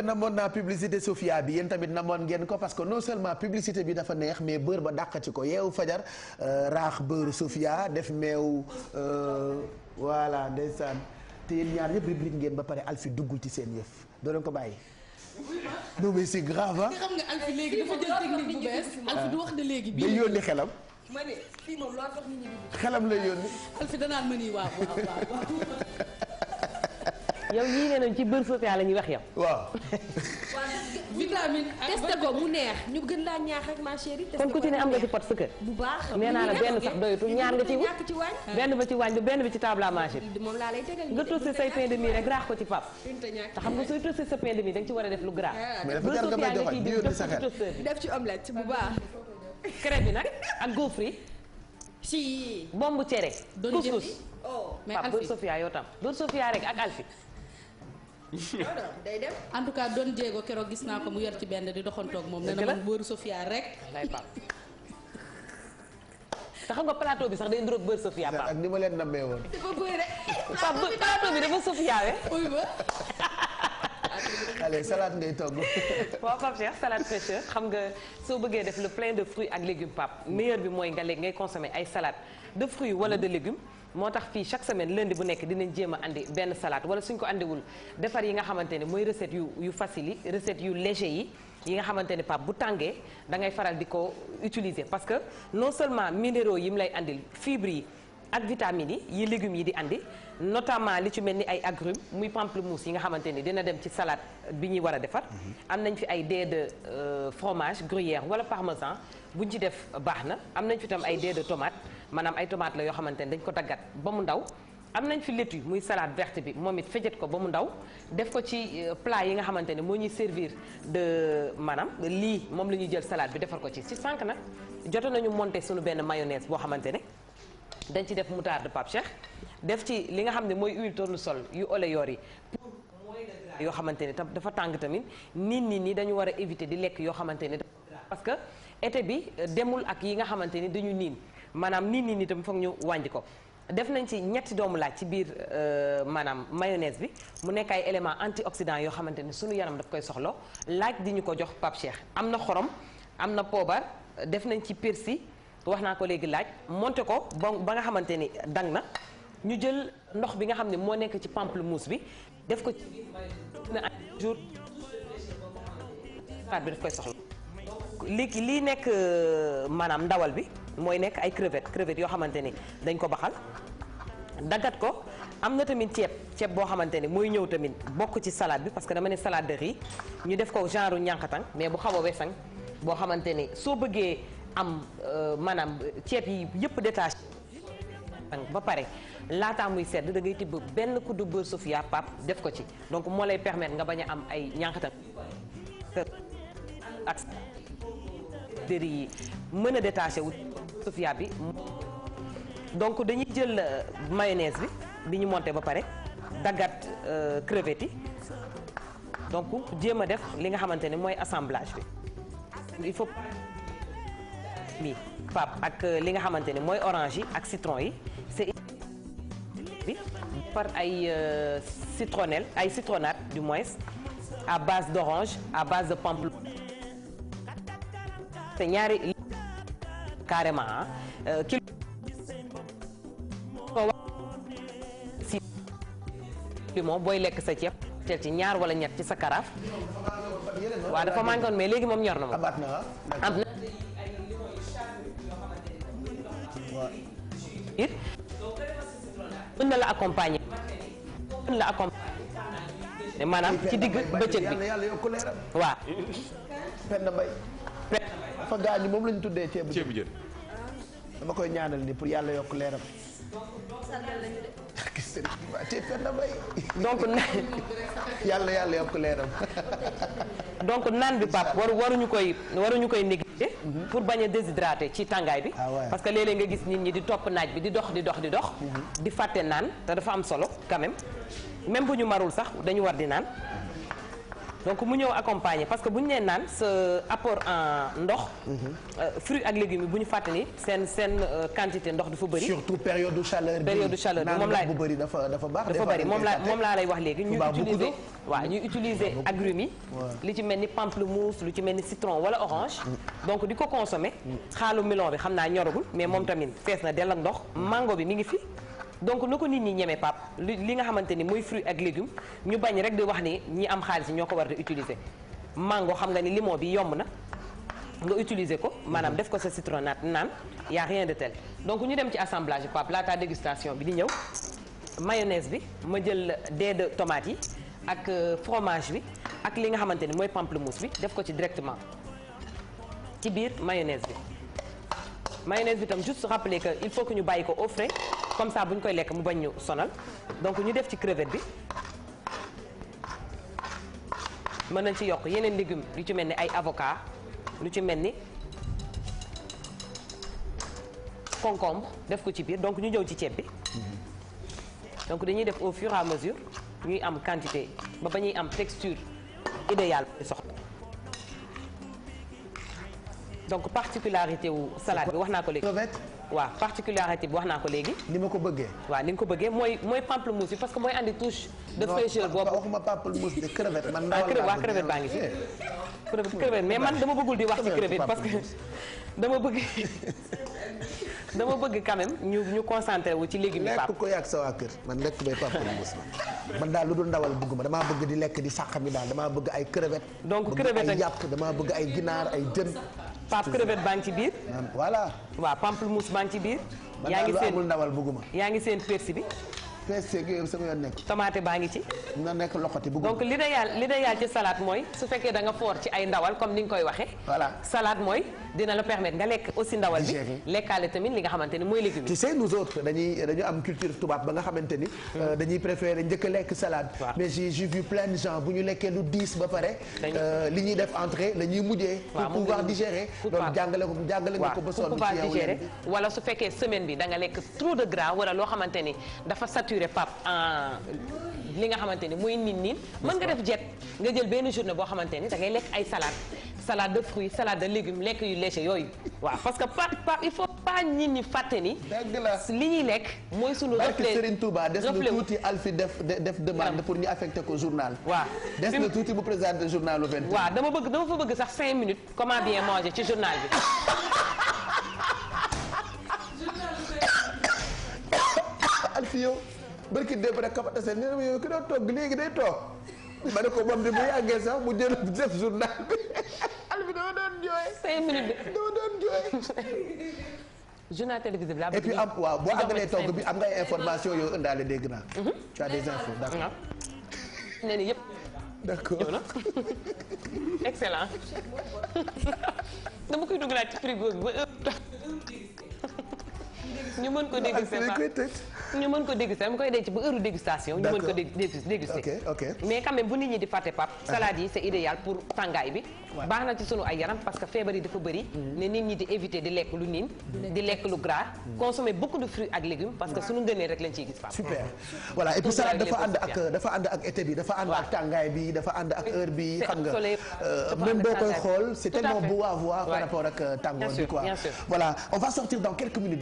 te namoon naa publicité Sofia bi yéen tamit namoon ngeen ko parce que non seulement publicité bi dafa neex mais beurre ba dàqati ko yeewu fajar euh, raax beurre Sofia def meew euh, voilà ndeysaan te yéen ñaar yëpp rubrique ngeen ba pare Alphie duggul ci seen yëf doo leen ko bàyyi. non mais c'est grave ah. xam xelam. ma ne fii moom loo tax nit ñi xelam lay yónni. yow ñii nee nañ ci beurre social la ñuy wax yow. waaw. vitamine testé ko mu neex ñu gën laa ñaax ak ma chérie. kon ku ci ne am nga ci pot sa kër. bu baax nee naa la benn sax doyatul ñaar nga ci wut. benn ba ci wàññ bi benn bi ci table à moom laa lay tegal nga tossé say pain de mie rek raax ko ci pap te nga sooy tossé sa pain de ci war a def lu gras. Ah. beurre social nga ciy def ci omelette bu baax. crêpe bi nag ak gaufre si bombu cere. doon jëndi couscous. oh mais Alfi Pape Sofia yoo tam. Beurre Sofia rek ak Alfi. day dem. en tout cas doon jéego keroog gis naa ko mu yor ci benn di doxantoog moom. dëgg la nee na man beurre Sofia rek. te xam nga plateau bi sax day nduróog beurre Sofia Pape. ak ni ma leen nammee woon. dafa bëri bi dafa Sofia we. Eh? tàngalee salade ngay togg. waaw Pape Cheikh salade fraîcheur xam nga soo bëggee def le plein de fruits ak légumes Pape meilleur bi mooy nga léegi ngay consommer ay salade de fruits wala de légumes. moo tax fii chaque semaine lundi bu nekk dinañ jéem a andi benn salade wala suñ ko andiwul defar yi nga xamante ne mooy recette yu yu facile yi recette yu léger yi yi nga xamante ne Pape bu tàngee dangay faral di ko utiliser parce que non seulement minéro yi mu lay indil fibres yi. ak vitamines yi yi légumes yi di andi notamment li ci mel ni ay agrumes muy pamplemousse yi nga xamante ni dina dem ci salaat bi ñuy war a defar mhm. am nañ fi ay dés de euh, fromage gruyère wala parmesan buñ ci def baax na am nañ fi tam ay dés de tomate maanaam ay tomate la yoo xamante ni dañ ko daggat ba mu ndaw am nañ fi laitue muy salade verte bi moom it fejet ko ba mu ndaw def ko ci euh, plat yi nga xamante ne moo ñuy servir de maanaam lii moom la ñuy jël salaat bi defar ko ci ci sànq nag joto nañu monter suñu benn mayonnaise boo xamante ne dañ ci def moutarde Pape Cheikh def ci li nga xam ne mooy huile sol yu ole yor yi pour mooy yoo xamante ne dafa tàng tamit nit ñi ni dañu war a éviter di lekk yoo xamante ni parce que été bi euh, demul ak yi nga xamante ni dañu niin maanaam niin nii ni tam foog ñu wàññi ko def nañ ci ñetti doomu laaj ci biir euh, maanaam mayonnaise bi mu nekk ay éléments antioxydant yoo xamante ni sunu yaram daf koy soxlo laaj di ñu ko jox Pape Cheikh am na xorom am na poobar def nañ ci persil wax naa ko léegi laaj monté ko ba ba nga xamante ni dang na ñu jël ndox bi nga xam ne moo nekk ci pamplemousse bi def ko ci jour bi daf koy soxla li lii nekk euh, maanaam ndawal bi mooy nekk ay crevette crevette yoo xamante ni dañ ko baxal daggat ko am na tamit ceeb ceeb boo xamante ni mooy ñëw tamit bokk ci salade bi parce que dama ne salade de riz ñu def ko genre ñànkatang mais bu xaw a wesang boo xamante ni soo bëggee am euh, maanaam ceeb yi yëpp détaché ba pare laataa muy sedd da ngay tibb benn kuddu beurre sofia pap def ko ci donc moo lay permettre nga bañ a am ay ñànkatal ak dëri yi mën a détaché wu sofia bi donc dañuy jël euh, mayonnaise bi bi ñu monté ba pare daggat euh, crevettes yi donc jéem a def li nga xamante ne mooy assemblage bi il faut bi pap ak euh, li nga xamante ne mooy orange yi ak citron yi c'est bi par ay euh, citronnelle ay citronnade du moins à base d'orange à base de pamplemousse te ñaari carrément ah kilo si limon booy lekk sa ceeb teel ci ñaar wala ñet ci sa karaaf waaw dafa manqué woon mais léegi moom ñor na ma am na it mën na la accompagner mën la accompagner maanaam ci digg bëccëg bi yàlla yokk leeram waaw Penda Mbaye dafa gaañu moom lañu tuddee ceebu jën dama koy ñaanal ni pour yàlla yokk leeram donc yàlla yàlla yokk leeram donc naan bi pap waru waruñu koy waruñu koy négliger mhm. pour bañ a déshydrater ci tàngaay bi ah parce que léeg nga gis nit ñi di topp naaj bi di dox di dox di dox mhm. di fàtte naan te dafa am solo quand même bu ñu marul sax dañu war di naan donc mu ñëw accompagner parce que bu ñu nee naan sa apport en ndox. Euh, fruits ak légumes yi bu ñu fàttali seen seen euh, quantité ndox dafa bëri. surtout période de chaleur. période de chaleur bi moom laay bu bëri dafa dafa baax. dafa bari moom laa moom laa wax léegi. ñu utiliser waa ñu utiliser agrumes yi. li ci mel ni pamplemousse lu ci mel ni citron wala orange. Mm. donc di ko consommer. Mm. xaalu melon bi xam naa ñoragul mais moom mm. tamit fees na dell ak ndox. mango bi mi ngi fi. donc na ko nit ñi ñeme pap li nga xamante ni mooy fruit ak légume ñu bañ rek di wax ni ñi am xaalis ñoo ko war di utiliser mango xam nga ni limon bi yomb na nga utiliser ko maanaam def ko sa citronnade naan y a rien de tel donc ñu dem ci assemblage pap laata dégustation bi di ñëw mayonnaise bi ma jël dés de tomate yi ak euh, fromage bi ak li nga xamante ni mooy pamplemousse bi def ko ci directement ci biir mayonnaise bi mayonnaise bi tam juste rappeler que il faut que ñu bàyyi ko au comme ça bu ñu koy lekk mu bañ ñu sonal donc ñu def ci crevette bi mën nañ ci yokk yeneen légumes lu ci mel ni ay avocat lu ci mel ni concombre def ko ci biir donc ñu ñëw ci ceeb bi donc dañuy def au fur et à mesure ñuy am quantité ba ba ñuy am texture idéale soxla donc particularité wu salade bi wax naa ko léegi waaw particularité bi wax naa ko léegi. ni ma ko bëggee. waa ni nga ko bëggee mooy mooy pamplemousse bi parce que mooy andi touche. de fraîcheur boobu non waxuma pamplemousse de crevette man. Ah, ndaw laa bëgg crevette baa ngi ci. crevette mais man dama bëggul di wax ci crevette parce que dama bëgg. dama bëgg quand ñu ñu concentré wu ci légumes yi. pap lekk ko yàgg sa waa kër man lekk bay pamplemousse man. man daal lu dul ndawal bëgguma damaa bëgg di lekk di sàq mi daal damaa bëgg ay crevette. donc crevette ay yàpp damaa bëgg ay ginaar ay jën. pape crevette baa ngi ci biir. waa waaw pamplemousse baa ngi ci biir. yaa ngi seen man daal lu amul ndawal bëgguma. yaa ngi seen persi bi. fees seeg yooyu sama yoon nekk tomate baa ngi ci na nekk loxoti bu donc l'idéal l'idéal ci salade mooy su fekkee da nga foor ci ay ndawal comme ni nga koy waxee voilà mooy dina la permettre nga lekk aussi ndawal bi lekkaale tamit li nga xamante mooy légumes tu sais nous autres dañuy dañu am culture tubaab ba nga xamante hmm. euh, dañuy préférer njëkk a lekk salade mais j'ai vu plein de gens bu ñu lekkee lu diis ba pare euh, li ñuy def entrée la mujjee pour pouvoir da nga lekk facturer Pape li nga xamante ni mooy nin niin mën nga def jet nga jël benn journée boo xamante ni da ngay lekk ay salade salade de fruits salade de légumes lekk yu léger yooyu waaw parce que Pape Pape il faut pas ñi fàtte ni li ñuy lekk mooy sunu reflet Serigne Touba des na tuuti Alfi def def demande pour ñu affecté ko journal waa des na tuuti bu présenté journal dama bëgg dama fa bëgg sax cinq minutes comment bien manger ci journal bi barki démb rek ka fa tase nee na ma yow ki doon togg léegi day toog ma ne ko moom di bu yàggee sax mu jël def journal bi al bi dama doon jooy. cinq minutes bi dama doon jooy. télévisé bi laa bëgg. am waaw boo àggalee togg bi am nga ay information yow indaale dégg naa. Mhm. tu as des infos d'accord. nee na yëpp. d'accord excellent. dama koy dugalaat frigo bi ba ñu mën ko déguster ñu mën ko déguster dama koy denc ba heure dégustation ñu mën ko déguster mais quand même bu nit ñi di fàtte pap salade yi c'est idéal pour tàngaay bi baax na ci sunu ay yaram parce que feebar yi dafa bëri mm-hmm. ne nit ñi di éviter di lekk lu niin di lekk lu gras mm-hmm. consommer beaucoup de fruits ak légumes parce que sunu ngëneel rek lañ ciy gis pap super mm-hmm. voilà et puis salade dafa ànd ak été bi dafa ànd ak tàngaay bi dafa ànd ak heure bi xam nga euh, même boo koy xool c'est tellement beau euh, bi